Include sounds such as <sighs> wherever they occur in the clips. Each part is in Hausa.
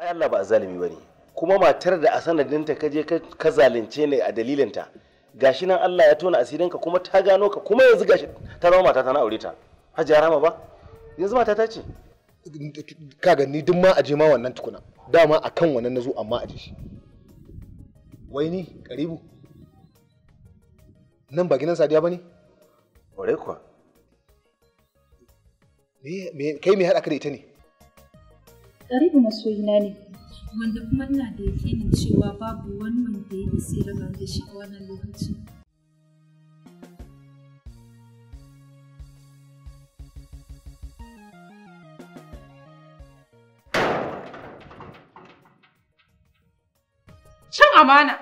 ai Allah ba zalimi bane kuma matar da a sanadinta ka je ka zalunce ne a dalilinta gashi nan Allah ya tona asirinka kuma ta gano ka kuma yanzu gashi ta zama mata ta na aure ta hajji harama ba yanzu mata ta ce kaga ni duk ma aje ma wannan tukuna dama akan wannan nazo amma aje shi wai ni karibu nan ba gidan sadiya bane ore kuwa me kai me haɗa ka da ita ne maso masoyina ne wanda kuma ina da yakinin cewa babu wani wanda ya yi raba da shi a wannan lokacin Cin amana.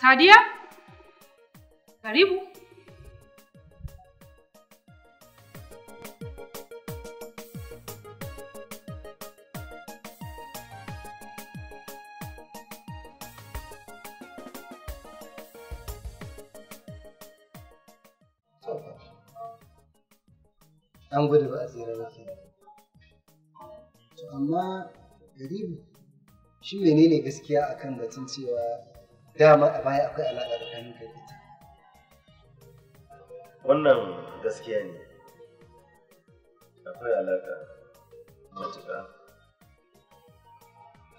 Sadiya? Karibu? gudu ba a tsira ba ke to amma garibu shi ne gaskiya akan batun cewa dama a baya akwai alaƙa tsakanin kai ita wannan gaskiya ne akwai alaƙa matuƙa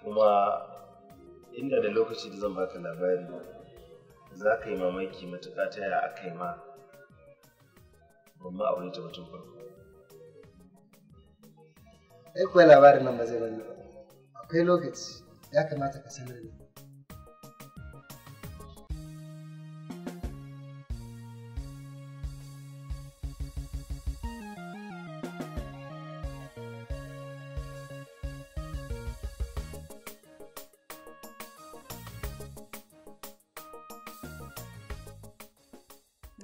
kuma inda da lokaci da zan baka labari za ka yi mamaki matuƙa ta yaya aka yi ma ban ma aure ta mutum farko sai kuwa labarin nan ba zai bari ba akwai lokaci ya kamata ka sanar da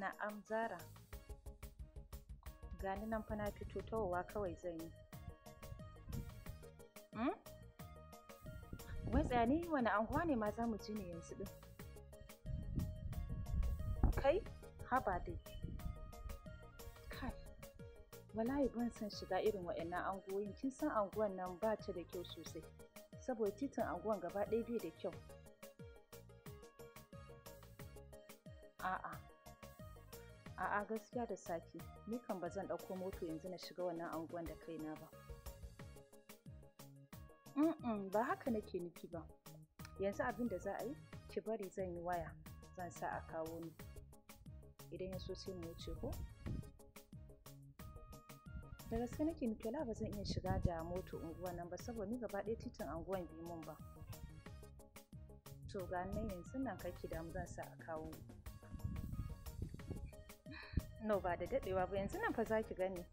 Na'am Zara, gani nan fa na fito towa kawai zan yi. Hmm? Wai tsani wani anguwa ne ma za mu je ne yanzu ɗin? Kai, haba dai. Kai, wallahi ban san shiga irin waɗannan anguwoyin kin san anguwan nan ba ta da kyau sosai. Saboda titin anguwan gaba ɗaya bai da kyau. A'a, a'a gaskiya da sake, ni kan ba zan ɗauko moto yanzu na shiga wannan anguwan da kaina ba. ba haka nake nufi ba. Yanzu abin da za a yi, ki bari zan yi waya, zan sa a kawo ni. Idan ya so sai mu wuce ko? Da gaske nake nufi wala ba zan iya shiga da moto unguwa nan ba saboda ni gaba ɗaya titin unguwan bi mun ba. To ga nan yanzu nan kake damu zan sa a kawo ni. <sighs> No ba da daɗewa ba yanzu nan fa za ki gani.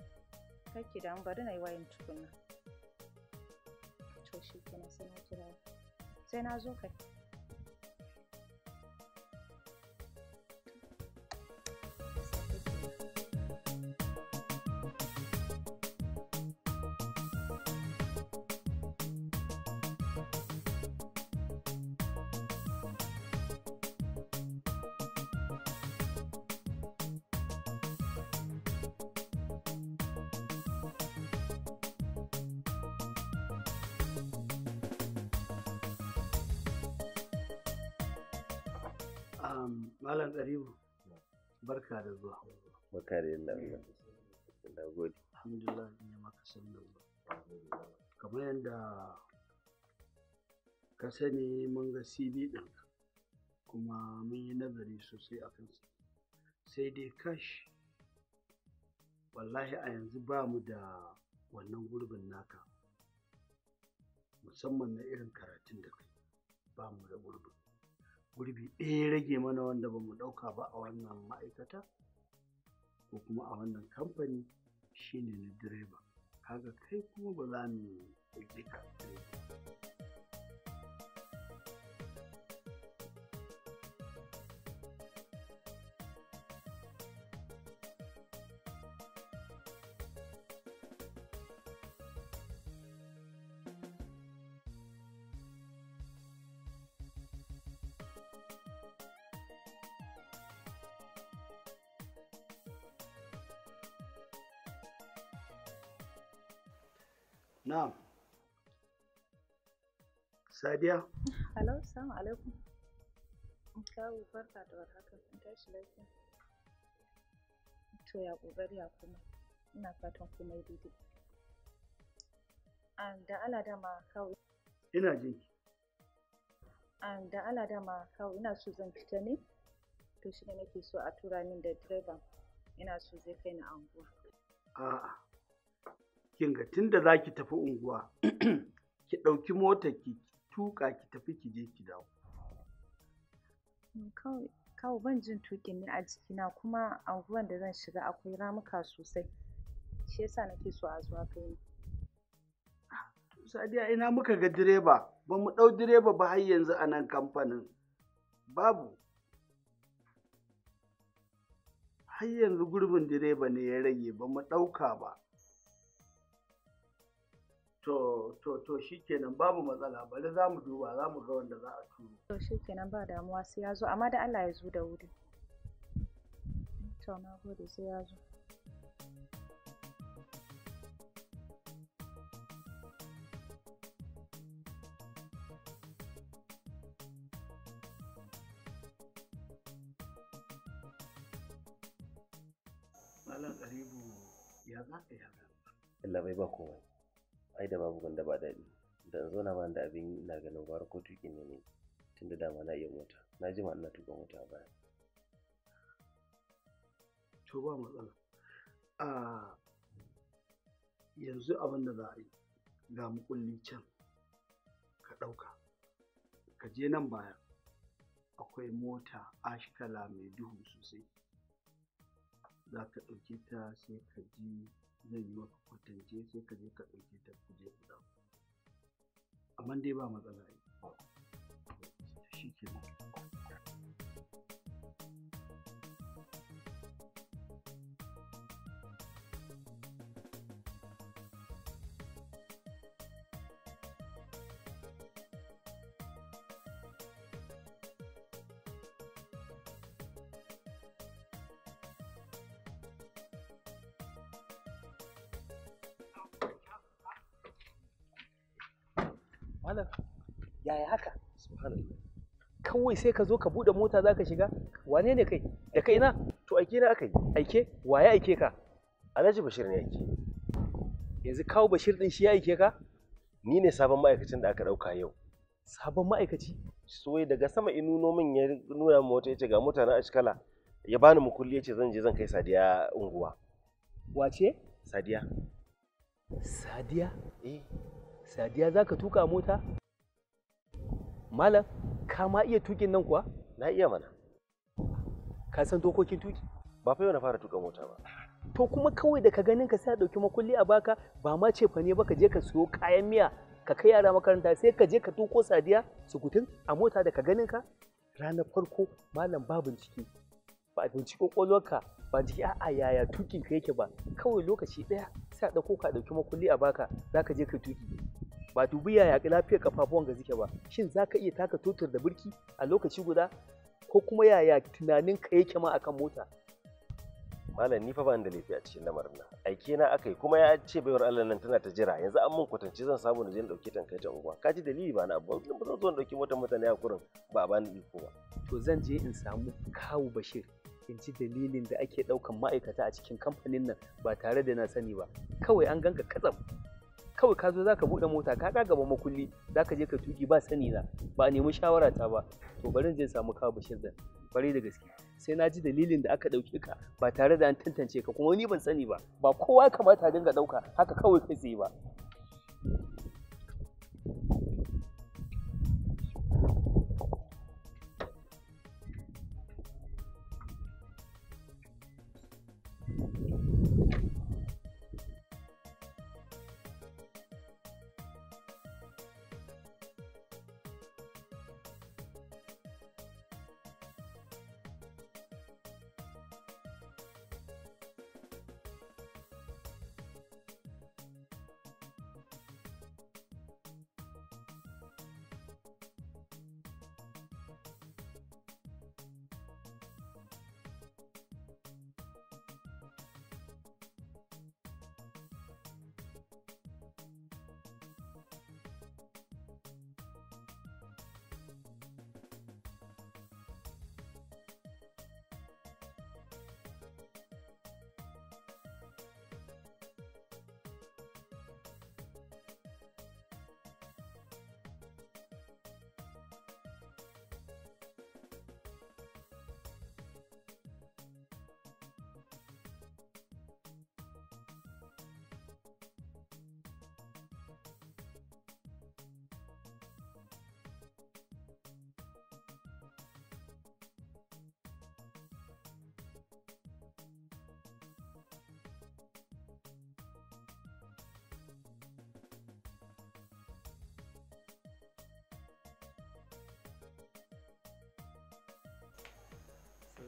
Kake damu bari na yi wayan tukunna. shi kenan sai na jira sai na zo kai Malam Ɗaribu, barka da zuwa. Barka da Na gode. Alhamdulillah ina maka sannan ba. Kamar yadda ka sani mun ga CD ɗin kuma mun yi nazari sosai a kansa. Sai dai kash wallahi a yanzu ba mu da wannan gurbin naka musamman na irin karatun da kai ba mu da gurbin. gurbi ɗaya rage mana wanda ba mu ɗauka ba a wannan ma'aikata ko kuma a wannan kamfani shine na direba kaga kai kuma ba za mu yi ka direba Na'am. Sadiya. Hello, alaikum. Kawo barka da warhaka, kun tashi lafiya. To ya ƙoƙari ya kuma, ina fatan komai daidai. Ah, da Allah dama kawo. Ina jinki. da ana dama kawo ina so zan fita ne to shi ne nake so a tura min da direban ina so zai kai ni anguwa a'a kin ga tunda za ki tafi unguwa <clears throat> ki ɗauki motar ki tuka ki tafi ki je ki dawo mm, kawo ban jin tuƙin ne a jikina kuma anguwan da zan shiga akwai ramuka sosai shi yasa nake so a zuwa kai ne. sadiya ina muka ga direba ba mu ɗau direba ba har yanzu a nan kamfanin babu har yanzu gurbin direba ne ya rage ba mu ɗauka ba to to to shikenan babu matsala bari za mu duba za mu ga wanda za a turo to shikenan ba damuwa sai ya zo amma da Allah ya zo da wuri to na gode sai ya zo Malam Garibu ya za ka yi haka? Allah bai ba komai. Ai da babu ganda ba daɗi. Da in na ba da abin na ganin gwara ko tuƙi ne ne tunda dama na iya mota. Na ji ma ina tuƙa mota a baya. To ba matsala. A yanzu abin da za a yi ga mukulli can ka ɗauka. Ka je nan baya akwai mota ashkala mai duhu sosai. za ka ɗauke ta sai ka ji zai yi maka kwatance sai ka je ka ɗauke ta kuje je amma dai ba matsala shi kenan malam yaya haka subhanallah kawai sai ka zo ka buɗe mota za ka shiga wane ne kai da kai na to aike na aka yi aike waye aike ka alhaji bashir ne aike yanzu kawo bashir din shi ya aike ka ni ne sabon ma'aikacin da aka ɗauka yau sabon ma'aikaci soye daga sama in nuno min ya nuna mota ya ce ga mutane a shikala ya bani mukulli ya ce zan je zan kai sadiya unguwa wace sadiya sadiya eh sadiya za ka tuka mota malam ka ma iya tukin nan kuwa na iya mana ka san dokokin tuki ba fa yau na fara tuka mota ba to kuma kawai da ka ganin ka sai dauki makulli a baka ba ma ce fa ne ba ka je ka siyo kayan miya ka kai yara makaranta sai ka je ka tuko sadiya sukutun a mota da ka ganin ka ranar farko malam ba bincike ba bincike kwakwalwarka ba jiki a'a yaya tukin ka yake ba kawai lokaci ɗaya sai a ɗauko ka ɗauki makulli a baka za ka je ka tuki ba dubi ya yaƙi lafiyar kafafuwan ga suke ba shin za ka iya taka totur da birki a lokaci guda ko kuma yaya tunanin ka yake ma akan mota malam ni fa ba da laifi a cikin lamarin nan aike na akai kuma ya ce baiwar Allah nan tana ta jira yanzu an mun kwatance zan samu na je na dauke ta ta unguwa ka ji dalili ba na abu ba zan zo na dauki motar mutane a kurin ba ba ni iko ba to zan je in samu kawu bashir in ci dalilin da ake daukan ma'aikata a cikin kamfanin nan ba tare da na sani ba kawai an ganka katsam kawai ka zo za ka buɗe mota ka ɗaga gaba makulli ka je ka tuki ba sani na ba a nemi shawara ta ba to barin zai samu kawo bashir da kwarai da gaske sai na ji dalilin da aka ɗauke ka ba tare da an tantance ka kuma wani ban sani ba ba kowa kamata a dinga ɗauka haka kawai kai tsaye ba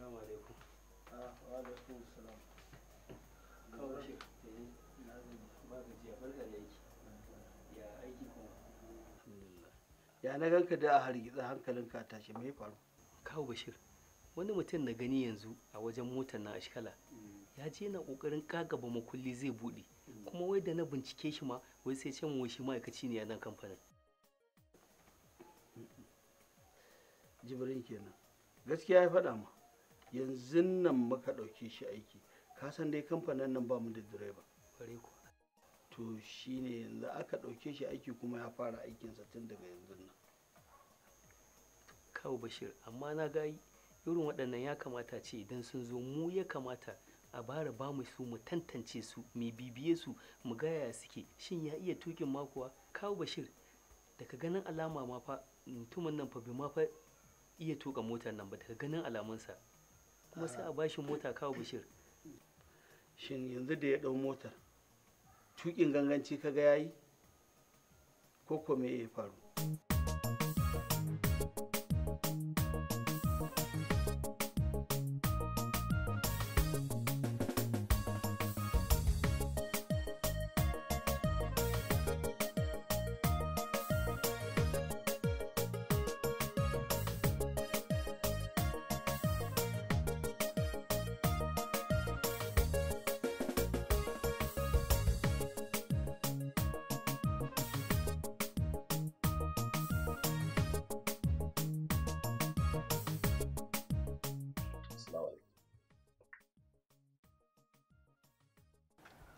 Assalamu alaikum. Ah, wa da Ya na ganka da a hargitsa hankalin ka tashi me faru? Kawo Bashir. Wani mutum na gani yanzu a wajen motar na ashkala mm. ya je yana kokarin kagaba makulli zai bude mm. kuma wai da na bincike shi ma wai sai ce mun shi ma'aikaci ne a nan kamfanin. Jibrin kenan. Gaskiya ya faɗa ma. yanzu nan muka ɗauke shi aiki ka san dai kamfanin nan ba mu da direba to shine yanzu aka ɗauke shi aiki kuma ya fara aikinsa tun daga yanzu nan kawo bashir amma na ga irin waɗannan ya kamata ce idan sun zo mu ya kamata a bara ba mu su mu tantance su mu bibiye su mu gaya suke shin ya iya tukin makuwa kawo bashir daga ganin alama ma fa mutumin nan fa bai ma fa iya tuka motar nan ba daga ganin alamunsa kuma sai a bashi mota kawo bishir shin yanzu da ya ɗau motar tukin ganganci kaga yayi ko ko me ya faru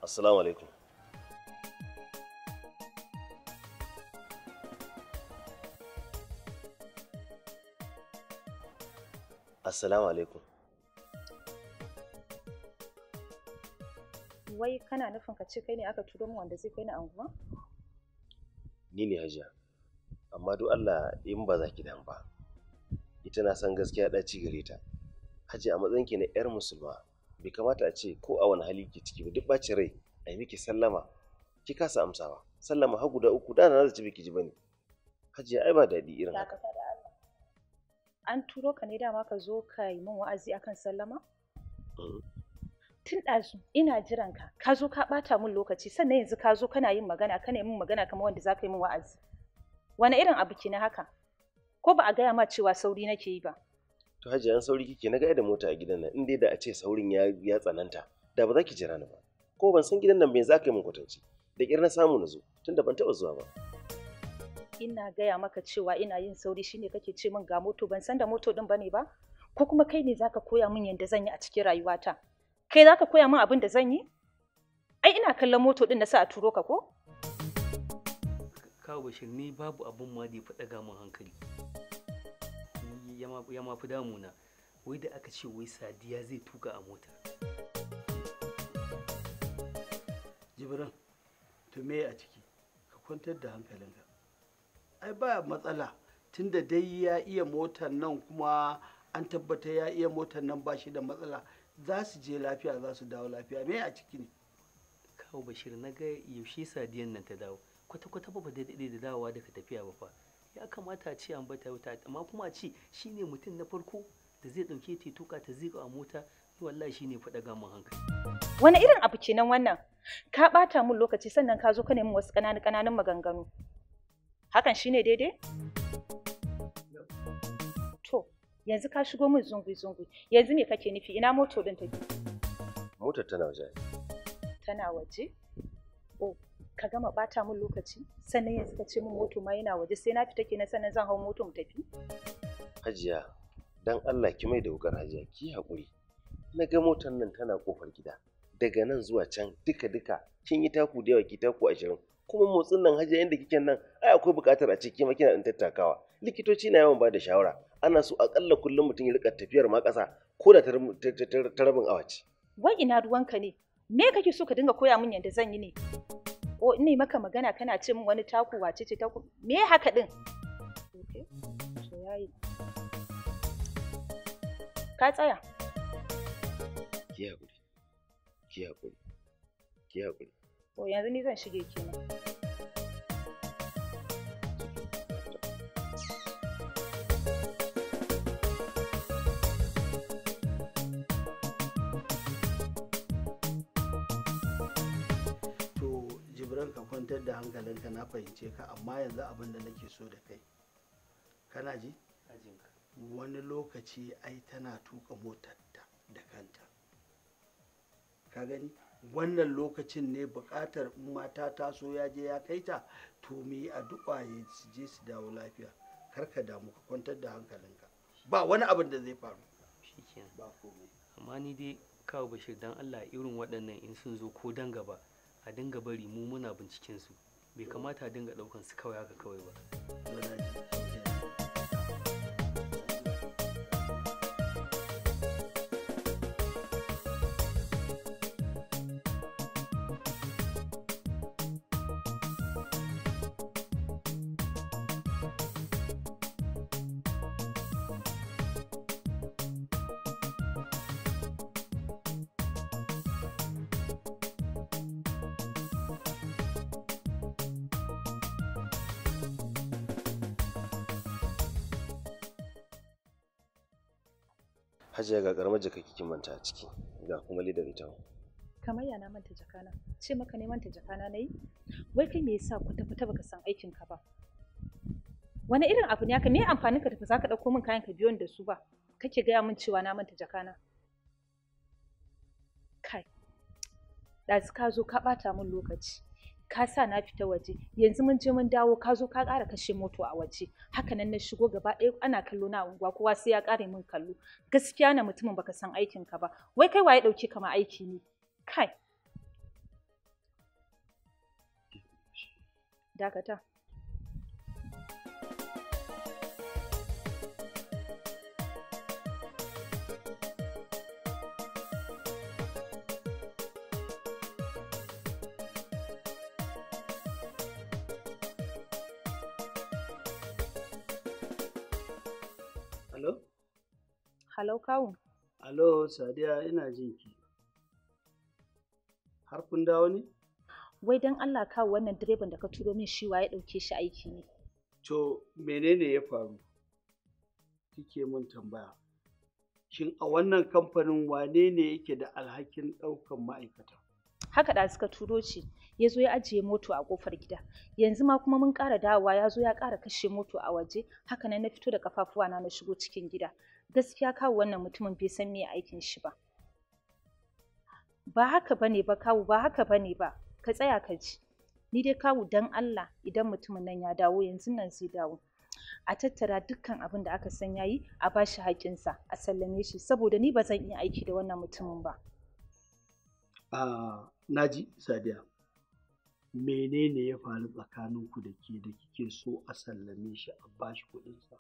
assalamu alaikum assalamu alaikum wai kana nufin ka ce kai ne aka turo mu wanda zai kai ni anguwa ni ne hajiya amma duk Allah in ba za ki dan ba ita na san gaskiya ɗaci gare ta hajiya a matsayin ki na 'yar musulma bai kamata a ce ko a wani hali ke ciki ba duk bacin rai a yi miki sallama ki kasa amsawa sallama har guda uku da na zaci biki ji bane hajiya ai ba daɗi irin haka an turo ka ne dama ka zo ka yi min wa'azi akan sallama mm. tun ɗazu ina jiran ka ka zo ka ɓata mun lokaci sannan yanzu ka zo kana yin magana kana yin magana kamar wanda za ka yi min wa'azi wani irin abu ke na haka ko ba a gaya ma cewa sauri nake yi ba to hajji an sauri kike na ga da mota a gidan nan in dai da a ce saurin ya ya tsananta da ba za ki jira ni ba ko ban san gidan nan me za ka yi min kwatance da kirna samu na zo tunda ban taba zuwa ba ina gaya maka cewa ina yin sauri shine kake ce min ga moto ban san da moto din bane ba ko kuma kai ne zaka koya min yadda zan yi a cikin rayuwata kai zaka koya min abin da zan yi ai ina kallon moto din na sa a turo ka ko kawo bashir ni babu abin ma da ya faɗa ga mun hankali ya mafi damuna wai da aka ce wai sadiya zai tuka a mota jibrin to me a ciki ka kwantar da hankalinka ai ba matsala tunda dai ya iya motar nan kuma an tabbata ya iya motar nan ba shi da matsala za su je lafiya za su dawo lafiya me a ciki ne kawo bashir na ga yaushe sadiyan nan ta dawo kwata-kwata ba daidai da dawowa daga tafiya ba fa ya kamata a ce an bata wuta amma kuma a ce shine mutum na farko da zai dauke ta tuka ta zika a mota wallahi shine faɗa gamin hankali wani irin abu ce nan wannan ka bata mun lokaci sannan ka zo ka nemi wasu ƙananan ƙananan maganganu hakan shine daidai to yanzu ka shigo min zungui zungui yanzu me kake nufi ina moto din take motar tana waje tana waje oh ka gama bata min lokaci sannan yanzu ka ce min moto ma yana waje sai na fita ke na sannan zan hau moto mu tafi hajiya dan Allah ki mai da wukar hajiya ki hakuri na ga motar nan tana kofar gida daga nan zuwa can duka duka kin yi taku da yawa ki taku ashirin kuma motsin nan hajiya yadda kike nan ai akwai buƙatar a ce kima kina tattakawa likitoci na yawan bada shawara ana so akalla kullum mutum ya rika tafiyar ma ƙasa ko da ta rabin awa wai ina ruwanka ne me kake so ka dinga koya min yadda zan yi ne ko ni maka magana kana ce min wani taku wace ce taku me haka din ka tsaya ki hakuri ki hakuri ki hakuri ko yanzu ni zan shige kenan son ka kwantar da hankalinka na fahimce ka amma yanzu abin da nake so da kai kana ji wani lokaci ai tana tuka ta da kanta ka gani mm. wannan lokacin ne buƙatar mata ta so ya je ya kai ta to mu yi addu'a ya je su dawo lafiya kar ka damu ka kwantar da hankalinka ba wani abin da zai faru shikenan ba komai amma ni dai kawo bashir dan Allah irin waɗannan in sun zo ko dan gaba a dinga bari mu muna binciken su bai kamata a dinga daukan su kawai haka kawai ba hajiya ga karamar jaka kike manta a ciki ga kuma lidar ita kamar yana manta jakana ce maka ne manta jakana nayi wai kai me yasa tafi ta baka san aikin ka ba wani irin abu ne haka me amfanin ka tafi zaka dauko min kayan ka biyon da su ba kake gaya min cewa na manta jakana kai da ka zo ka bata min lokaci ka sa na fita waje yanzu mun je mun dawo ka zo ka ƙara kashe moto a waje haka nan na shigo gaba ɗaya ana kallo na unguwa kowa sai ya ƙare min kallo gaskiya na mutumin baka san aikin ka ba wai kai waye ɗauke kama aiki ne kai dakata Halo, kawun. Alo, Sadiya ina jin ki. Har kun dawo ne? Wai don Allah kawo wannan direban da ka turo min shi wa ya ɗauke shi aiki ne. To, menene ya faru? Kike mun tambaya. Shin a wannan kamfanin wane ne yake da alhakin ɗaukan ma'aikata? Haka da suka turo ce, ya zo ya ajiye moto a ƙofar gida. Yanzu ma kuma mun ƙara dawowa ya zo ya ƙara kashe moto a waje, haka nan na fito da ƙafafuwana na shigo cikin gida. gaskiya kawo wannan mutumin bai san me aikin shi ba ba haka bane ba kawu ba haka bane ba ka tsaya ka ji ni dai kawu dan Allah idan mutumin nan ya dawo yanzu nan zai dawo a tattara dukkan abin da aka san yayi a bashi hakinsa, a sallame shi saboda ni ba zan iya aiki da wannan mutumin ba a naji sadiya menene ya faru tsakaninku da ke da kike so a sallame shi a bashi kuɗinsa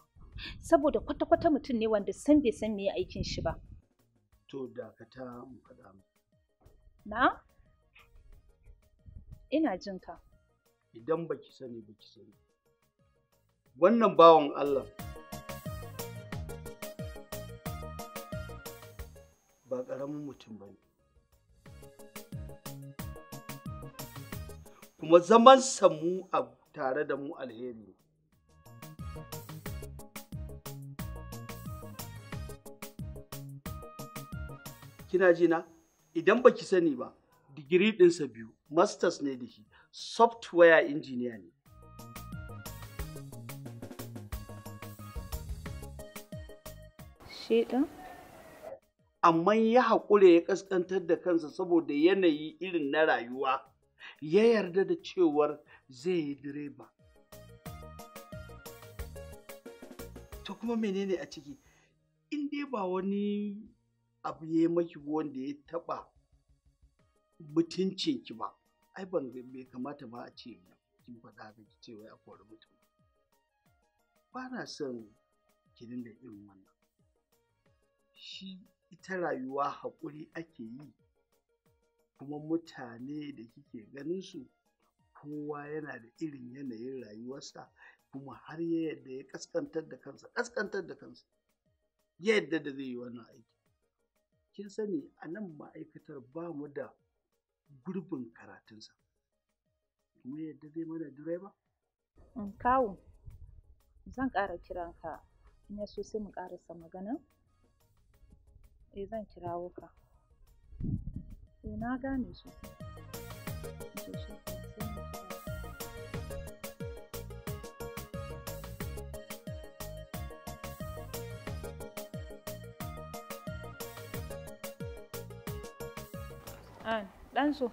saboda kwata-kwata mutum ne wanda san bai san ya aikin shi ba to dakata mu faɗa na ina jin ka idan baki sani baki sani wannan bawan Allah ba ƙaramin mutum ba ne kuma zaman samu a tare da mu alheri kina ji na idan baki sani ba digiri ɗinsa biyu masters ne da shi software engineer ne amma ya haƙure ya ƙasƙantar da kansa saboda yanayi irin na rayuwa ya yarda da cewar zai yi direba Ta kuma menene a ciki in ba wani abu ya yi maki wanda ya taɓa mutuncin ki ba ai ban bai kamata ba a ce kin faɗa ga ki cewa a kori mutum ba na son ki dinga irin wannan shi ita rayuwa haƙuri ake yi kuma mutane da kike ganin su kowa yana da irin yanayin rayuwarsa kuma har yadda ya kaskantar da kansa kaskantar da kansa yadda da zai yi wannan aiki kin sani a nan ma'aikatar ba mu da gurbin karatunsa kuma yadda zai mana direba? Mm, kawo zan ƙara kiranka in ya so sai mu ƙarasa magana eh zan kirawo ka eh na gane su 嗯，单数。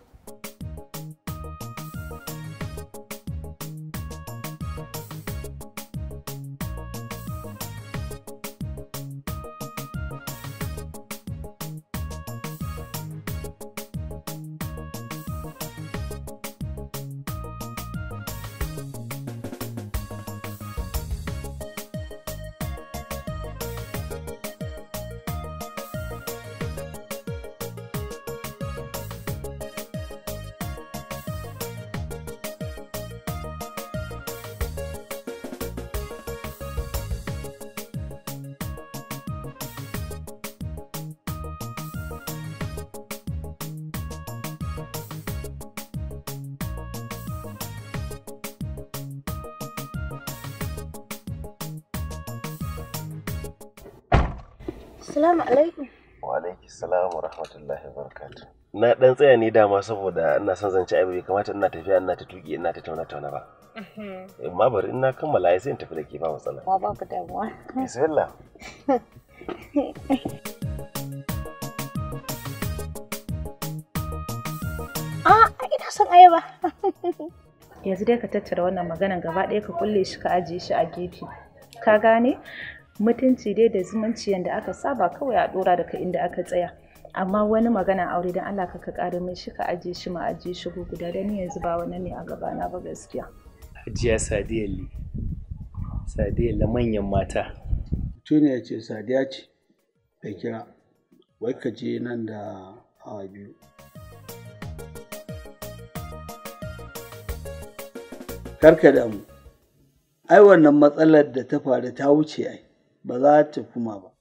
Assalamu alaikum. Wa alaikum salam wa rahmatullahi wa barakatuh. Na dan tsaya ne dama saboda ina son zance ai bai kamata ina tafiya ina ta tuki ina ta tauna tauna ba. Mm-hmm. Amma bari ina kammala ai sai in tafi da ke ba matsala. Ba babu damuwa. Bismillah. <laughs> Ah, ina son ayaba. <laughs> Yanzu dai ka tattara wannan maganan gaba ɗaya ka kulle shi ka ajiye shi a gefe. Ka gane? mutunci dai da zumunci yadda aka saba kawai a dora daga inda aka tsaya amma wani magana aure don Allah ka ƙara mai shi ka ajiye shi ma ajiye shi guda da ni yanzu ba wani ne a gabana ba gaskiya ne, sadiyalli la manyan mata ya ce sadiya ce da kira wai ka je nan da awa biyu karka damu ai wannan matsalar da ta faru ta wuce ai ba za ta kuma ba